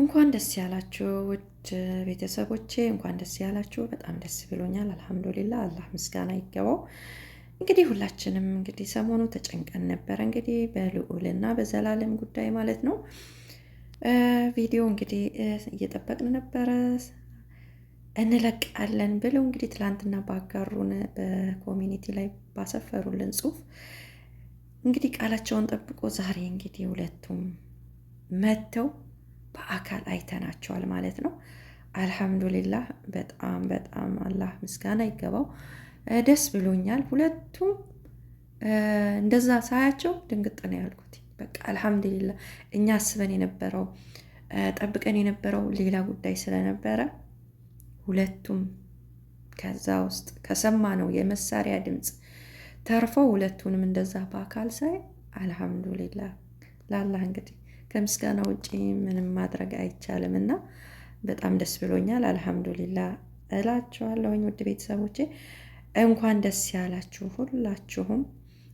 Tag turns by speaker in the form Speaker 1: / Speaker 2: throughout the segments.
Speaker 1: እንኳን ደስ ያላችሁ ውድ ቤተሰቦቼ፣ እንኳን ደስ ያላችሁ። በጣም ደስ ብሎኛል። አልሐምዱሊላ አላህ ምስጋና ይገባው። እንግዲህ ሁላችንም እንግዲህ ሰሞኑ ተጨንቀን ነበረ፣ እንግዲህ በልዑልና በዘላለም ጉዳይ ማለት ነው። ቪዲዮ እንግዲህ እየጠበቅን ነበረ እንለቃለን ብለው እንግዲህ ትላንትና ባጋሩን በኮሚኒቲ ላይ ባሰፈሩልን ጽሁፍ እንግዲህ ቃላቸውን ጠብቆ ዛሬ እንግዲህ ሁለቱም መጥተው በአካል አይተናቸዋል ማለት ነው። አልሐምዱሊላህ በጣም በጣም አላህ ምስጋና ይገባው፣ ደስ ብሎኛል። ሁለቱም እንደዛ ሳያቸው ድንግጥ ነው ያልኩት። በቃ አልሐምዱሊላህ እኛ አስበን የነበረው ጠብቀን የነበረው ሌላ ጉዳይ ስለነበረ ሁለቱም ከዛ ውስጥ ከሰማ ነው የመሳሪያ ድምፅ ተርፈው ሁለቱንም እንደዛ በአካል ሳይ አልሐምዱሊላህ ላላህ እንግዲህ ከምስጋና ውጪ ምንም ማድረግ አይቻልም እና በጣም ደስ ብሎኛል። አልሐምዱሊላ እላችኋለሁኝ ውድ ቤተሰቦቼ እንኳን ደስ ያላችሁ ሁላችሁም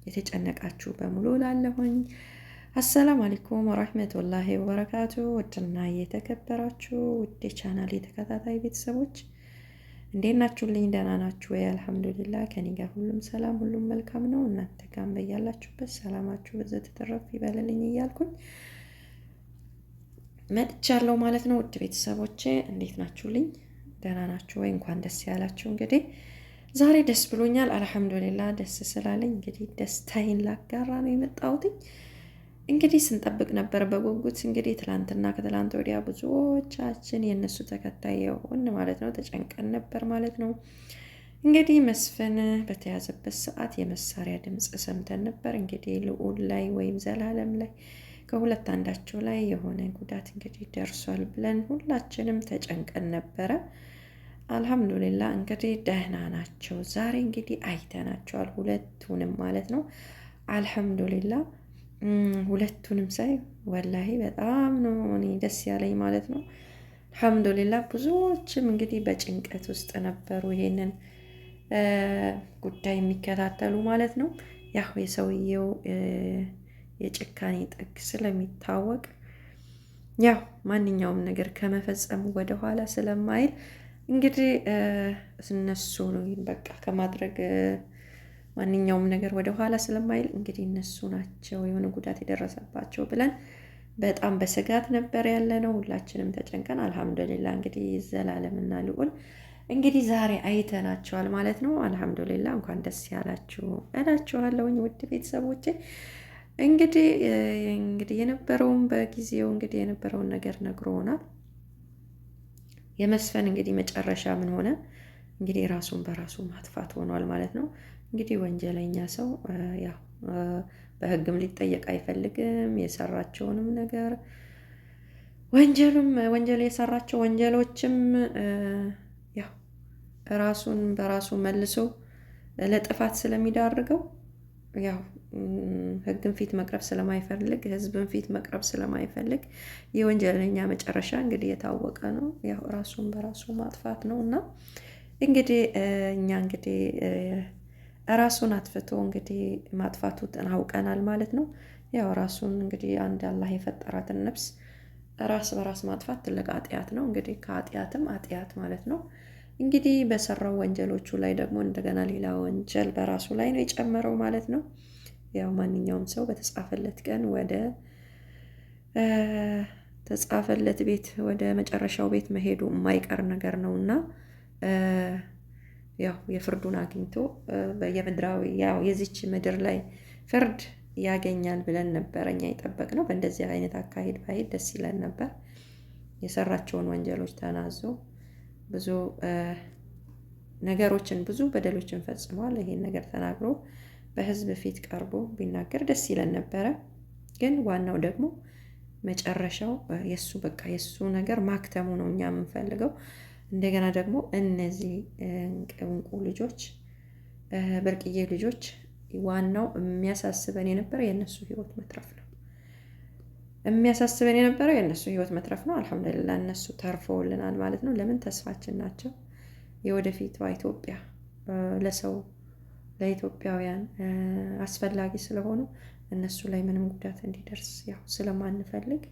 Speaker 1: የተጨነቃችሁ በሙሉ ላለሁኝ። አሰላም አለይኩም ወራህመቱላሂ ወበረካቱ። ውድና የተከበራችሁ ውድ ቻናል የተከታታይ ቤተሰቦች እንዴት ናችሁልኝ? ደህና ናችሁ ወይ? አልሐምዱሊላ ከኔ ጋር ሁሉም ሰላም፣ ሁሉም መልካም ነው። እናንተ ጋር በያላችሁበት ሰላማችሁ በዘ ተተረፍ ይበልልኝ እያልኩኝ መጥቻለሁ ማለት ነው። ውድ ቤተሰቦቼ እንዴት ናችሁልኝ? ደህና ናችሁ ወይ? እንኳን ደስ ያላችሁ። እንግዲህ ዛሬ ደስ ብሎኛል፣ አልሐምዱሊላ ደስ ስላለኝ እንግዲህ ደስታዬን ላጋራ ነው የመጣሁትኝ። እንግዲህ ስንጠብቅ ነበር በጉጉት እንግዲህ ትላንትና ከትላንት ወዲያ ብዙዎቻችን የእነሱ ተከታይ የሆን ማለት ነው ተጨንቀን ነበር ማለት ነው። እንግዲህ መስፍን በተያዘበት ሰዓት የመሳሪያ ድምፅ ሰምተን ነበር። እንግዲህ ልዑል ላይ ወይም ዘላለም ላይ ከሁለት አንዳቸው ላይ የሆነ ጉዳት እንግዲህ ደርሷል ብለን ሁላችንም ተጨንቀን ነበረ። አልሐምዱሊላ እንግዲህ ደህና ናቸው። ዛሬ እንግዲህ አይተናቸዋል ሁለቱንም ማለት ነው። አልሐምዱሊላ ሁለቱንም ሳይ ወላሂ በጣም ነው እኔ ደስ ያለኝ ማለት ነው። አልሐምዱሊላ ብዙዎችም እንግዲህ በጭንቀት ውስጥ ነበሩ ይሄንን ጉዳይ የሚከታተሉ ማለት ነው። ያው የሰውየው የጭካኔ ጥግ ስለሚታወቅ ያው ማንኛውም ነገር ከመፈጸሙ ወደኋላ ስለማይል እንግዲህ እነሱ ነው በቃ ከማድረግ ማንኛውም ነገር ወደኋላ ስለማይል እንግዲህ እነሱ ናቸው የሆነ ጉዳት የደረሰባቸው ብለን በጣም በስጋት ነበር ያለ ነው። ሁላችንም ተጨንቀን አልሐምዱሊላ እንግዲህ ዘላለምና ልዑል እንግዲህ ዛሬ አይተናቸዋል ማለት ነው። አልሐምዱሊላ እንኳን ደስ ያላችሁ እላችኋለሁኝ ውድ ቤተሰቦቼ። እንግዲህ እንግዲህ የነበረውን በጊዜው እንግዲህ የነበረውን ነገር ነግሮናል። የመስፈን እንግዲህ መጨረሻ ምን ሆነ? እንግዲህ ራሱን በራሱ ማጥፋት ሆኗል ማለት ነው። እንግዲህ ወንጀለኛ ሰው ያው በህግም ሊጠየቅ አይፈልግም። የሰራቸውንም ነገር ወንጀሉም ወንጀል የሰራቸው ወንጀሎችም ያው ራሱን በራሱ መልሶ ለጥፋት ስለሚዳርገው ያው ህግን ፊት መቅረብ ስለማይፈልግ ህዝብን ፊት መቅረብ ስለማይፈልግ የወንጀለኛ መጨረሻ እንግዲህ የታወቀ ነው። ያው ራሱን በራሱ ማጥፋት ነው እና እንግዲህ እኛ እንግዲህ ራሱን አጥፍቶ እንግዲህ ማጥፋቱ አውቀናል ማለት ነው። ያው ራሱን እንግዲህ አንድ አላህ የፈጠራትን ነፍስ ራስ በራስ ማጥፋት ትልቅ አጥያት ነው። እንግዲህ ከአጥያትም አጥያት ማለት ነው። እንግዲህ በሰራው ወንጀሎቹ ላይ ደግሞ እንደገና ሌላ ወንጀል በራሱ ላይ ነው የጨመረው ማለት ነው። ያው ማንኛውም ሰው በተጻፈለት ቀን ወደ ተጻፈለት ቤት ወደ መጨረሻው ቤት መሄዱ የማይቀር ነገር ነው እና ያው የፍርዱን አግኝቶ የምድራዊ ያው የዚች ምድር ላይ ፍርድ ያገኛል ብለን ነበር እኛ የጠበቅነው። በእንደዚህ አይነት አካሄድ ባሄድ ደስ ይለን ነበር። የሰራቸውን ወንጀሎች ተናዞ ብዙ ነገሮችን ብዙ በደሎችን ፈጽሟል። ይሄን ነገር ተናግሮ በህዝብ ፊት ቀርቦ ቢናገር ደስ ይለን ነበረ። ግን ዋናው ደግሞ መጨረሻው የእሱ በቃ የእሱ ነገር ማክተሙ ነው እኛ የምንፈልገው። እንደገና ደግሞ እነዚህ እንቁ ልጆች ብርቅዬ ልጆች ዋናው የሚያሳስበን የነበረ የእነሱ ህይወት መትረፍ ነው። የሚያሳስበን የነበረው የእነሱ ህይወት መትረፍ ነው። አልሐምዱሊላ እነሱ ተርፈውልናል ማለት ነው። ለምን ተስፋችን ናቸው። የወደፊቷ ኢትዮጵያ ለሰው ለኢትዮጵያውያን አስፈላጊ ስለሆኑ እነሱ ላይ ምንም ጉዳት እንዲደርስ ያው ስለማንፈልግ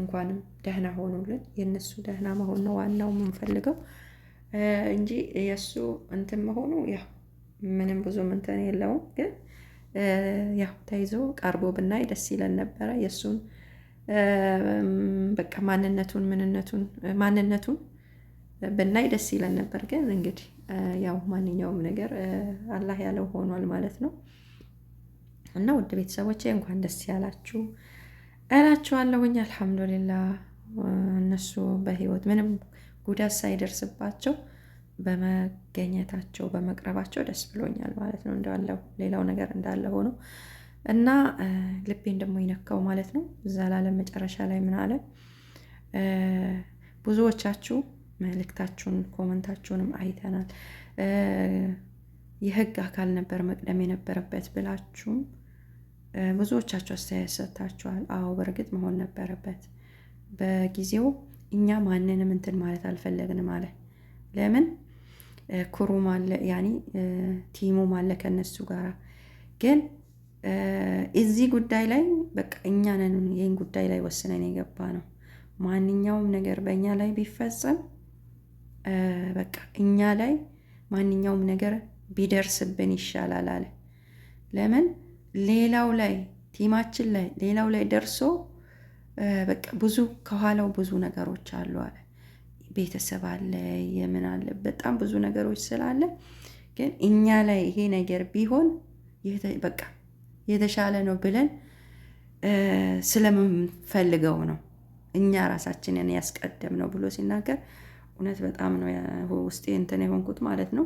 Speaker 1: እንኳንም ደህና ሆኑልን። የእነሱ ደህና መሆን ነው ዋናው የምንፈልገው እንጂ የእሱ እንትን መሆኑ ያው ምንም ብዙም እንትን የለውም። ግን ያው ተይዞ ቀርቦ ብናይ ደስ ይለን ነበረ የእሱን በቃ ማንነቱን ምንነቱን ማንነቱን ብናይ ደስ ይለን ነበር። ግን እንግዲህ ያው ማንኛውም ነገር አላህ ያለው ሆኗል ማለት ነው። እና ውድ ቤተሰቦቼ እንኳን ደስ ያላችሁ እላችኋለሁኝ። አልሐምዱሊላ እነሱ በህይወት ምንም ጉዳት ሳይደርስባቸው በመገኘታቸው በመቅረባቸው ደስ ብሎኛል ማለት ነው። እንዳለው ሌላው ነገር እንዳለ ሆኖ እና ልቤን ደግሞ ይነካው ማለት ነው። ዘላለም መጨረሻ ላይ ምን አለ ብዙዎቻችሁ መልእክታችሁን ኮመንታችሁንም አይተናል። የህግ አካል ነበር መቅደም የነበረበት ብላችሁም ብዙዎቻችሁ አስተያየት ሰጥታችኋል። አዎ በእርግጥ መሆን ነበረበት። በጊዜው እኛ ማንንም እንትን ማለት አልፈለግንም አለ። ለምን ኩሩም አለ ያኒ ቲሙም አለ ከእነሱ ጋር ግን እዚህ ጉዳይ ላይ በቃ እኛ ነን ይህን ጉዳይ ላይ ወስነን የገባ ነው። ማንኛውም ነገር በእኛ ላይ ቢፈጸም በቃ እኛ ላይ ማንኛውም ነገር ቢደርስብን ይሻላል አለ። ለምን ሌላው ላይ ቲማችን ላይ ሌላው ላይ ደርሶ በቃ ብዙ ከኋላው ብዙ ነገሮች አሉ አለ። ቤተሰብ አለ፣ የምን አለ፣ በጣም ብዙ ነገሮች ስላለ ግን እኛ ላይ ይሄ ነገር ቢሆን በቃ የተሻለ ነው ብለን ስለምንፈልገው ነው እኛ ራሳችንን ያስቀደም ነው ብሎ ሲናገር እውነት በጣም ነው ውስጤ እንትን የሆንኩት ማለት ነው።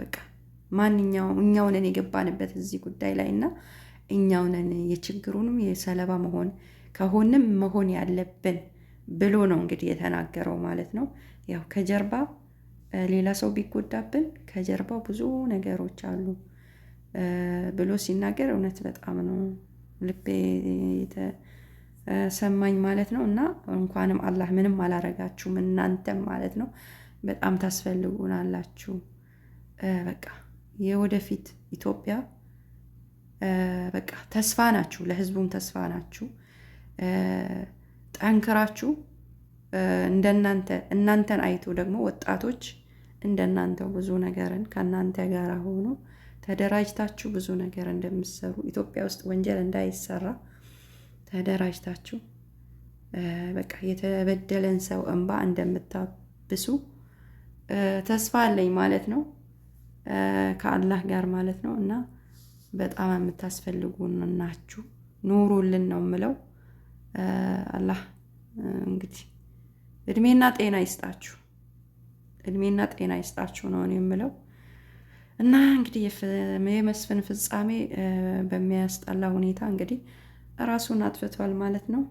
Speaker 1: በቃ ማንኛው እኛው የገባንበት እዚህ ጉዳይ ላይ እና እኛው የችግሩንም የሰለባ መሆን ከሆንም መሆን ያለብን ብሎ ነው እንግዲህ የተናገረው ማለት ነው። ያው ከጀርባ ሌላ ሰው ቢጎዳብን ከጀርባው ብዙ ነገሮች አሉ ብሎ ሲናገር እውነት በጣም ነው ልቤ ሰማኝ ማለት ነው። እና እንኳንም አላህ ምንም አላረጋችሁም እናንተም ማለት ነው። በጣም ታስፈልጉናላችሁ። በቃ የወደፊት ኢትዮጵያ በቃ ተስፋ ናችሁ፣ ለህዝቡም ተስፋ ናችሁ። ጠንክራችሁ እንደናንተ እናንተን አይቶ ደግሞ ወጣቶች እንደናንተው ብዙ ነገርን ከእናንተ ጋር ሆኖ ተደራጅታችሁ ብዙ ነገር እንደምትሰሩ ኢትዮጵያ ውስጥ ወንጀል እንዳይሰራ ተደራጅታችሁ በቃ የተበደለን ሰው እንባ እንደምታብሱ ተስፋ አለኝ ማለት ነው፣ ከአላህ ጋር ማለት ነው። እና በጣም የምታስፈልጉ ናችሁ፣ ኑሩልን ነው ምለው። አላህ እንግዲህ እድሜና ጤና ይስጣችሁ፣ እድሜና ጤና ይስጣችሁ ነው እኔ የምለው። እና እንግዲህ የመስፍን ፍጻሜ በሚያስጠላ ሁኔታ እንግዲህ ራሱን አጥፍቷል ማለት ነው።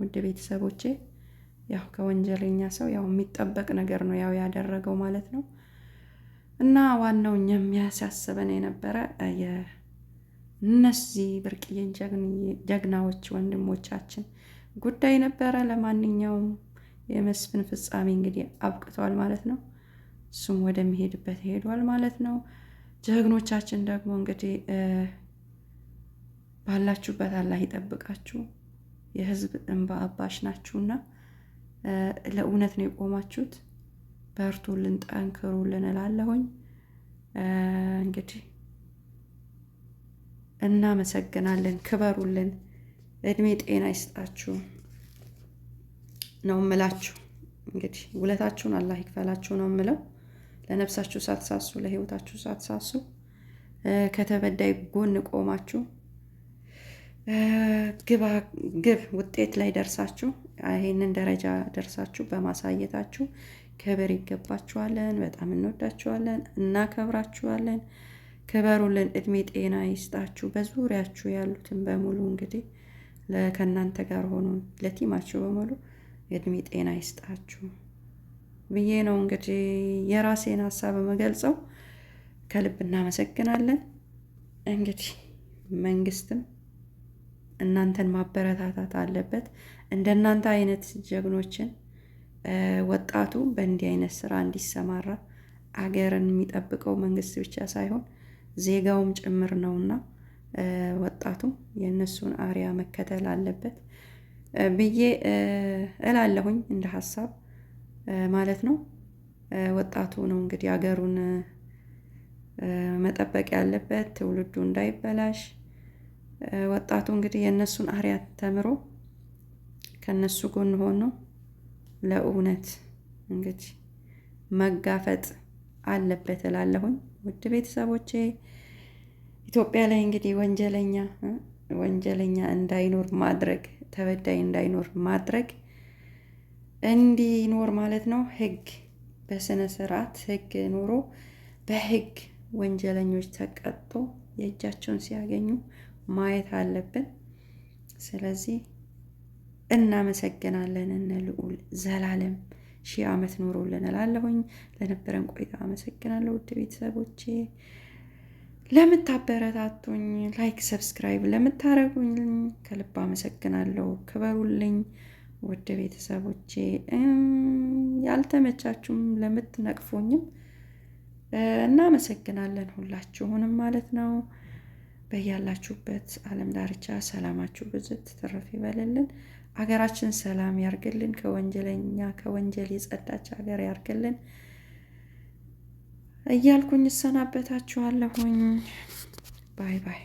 Speaker 1: ውድ ቤተሰቦቼ ያው ከወንጀለኛ ሰው ያው የሚጠበቅ ነገር ነው ያው ያደረገው ማለት ነው። እና ዋናው እኛ የሚያሳስበን የነበረ የእነዚህ ብርቅዬ ጀግናዎች ወንድሞቻችን ጉዳይ ነበረ። ለማንኛውም የመስፍን ፍጻሜ እንግዲህ አብቅቷል ማለት ነው። እሱም ወደሚሄድበት ሄዷል ማለት ነው። ጀግኖቻችን ደግሞ እንግዲህ ባላችሁበት አላህ ይጠብቃችሁ። የህዝብ እንባ አባሽ ናችሁና ለእውነት ነው የቆማችሁት። በርቱልን፣ ጠንክሩልን እላለሁኝ። እንግዲህ እናመሰግናለን። ክበሩልን፣ እድሜ ጤና ይስጣችሁ ነው ምላችሁ እንግዲህ ውለታችሁን አላህ ይክፈላችሁ ነው ምለው ለነፍሳችሁ ሳትሳሱ፣ ለህይወታችሁ ሳትሳሱ ከተበዳይ ጎን ቆማችሁ ግብ ውጤት ላይ ደርሳችሁ ይህንን ደረጃ ደርሳችሁ በማሳየታችሁ ክብር ይገባችኋለን። በጣም እንወዳችኋለን፣ እናከብራችኋለን። ክበሩልን፣ እድሜ ጤና ይስጣችሁ። በዙሪያችሁ ያሉትን በሙሉ እንግዲህ ከእናንተ ጋር ሆኖ ለቲማችሁ በሙሉ እድሜ ጤና ይስጣችሁ ብዬ ነው እንግዲህ የራሴን ሀሳብ የምገልጸው። ከልብ እናመሰግናለን። እንግዲህ መንግስትም እናንተን ማበረታታት አለበት። እንደናንተ አይነት ጀግኖችን ወጣቱ በእንዲህ አይነት ስራ እንዲሰማራ አገርን የሚጠብቀው መንግስት ብቻ ሳይሆን ዜጋውም ጭምር ነውና ወጣቱ የእነሱን አሪያ መከተል አለበት ብዬ እላለሁኝ እንደ ሀሳብ ማለት ነው። ወጣቱ ነው እንግዲህ አገሩን መጠበቅ ያለበት ትውልዱ እንዳይበላሽ ወጣቱ እንግዲህ የእነሱን አርአያ ተምሮ ከእነሱ ጎን ሆኖ ለእውነት እንግዲህ መጋፈጥ አለበት እላለሁኝ። ውድ ቤተሰቦቼ ኢትዮጵያ ላይ እንግዲህ ወንጀለኛ ወንጀለኛ እንዳይኖር ማድረግ ተበዳይ እንዳይኖር ማድረግ እንዲኖር ማለት ነው። ህግ በስነ ስርዓት ህግ ኖሮ በህግ ወንጀለኞች ተቀጦ የእጃቸውን ሲያገኙ ማየት አለብን። ስለዚህ እናመሰግናለን እንልዑል ዘላለም ሺህ ዓመት ኖሮልን እላለሁኝ። ለነበረን ቆይታ አመሰግናለሁ። ውድ ቤተሰቦቼ ለምታበረታቱኝ፣ ላይክ ሰብስክራይብ ለምታረጉኝ ከልብ አመሰግናለሁ። ክበሩልኝ ውድ ቤተሰቦቼ። ያልተመቻችሁም ለምትነቅፉኝም እናመሰግናለን ሁላችሁንም ማለት ነው። በያላችሁበት ዓለም ዳርቻ ሰላማችሁ ብዝት ትረፍ ይበልልን። አገራችን ሰላም ያርግልን። ከወንጀለኛ ከወንጀል የጸዳች ሀገር ያርግልን እያልኩኝ እሰናበታችኋለሁኝ። ባይ ባይ።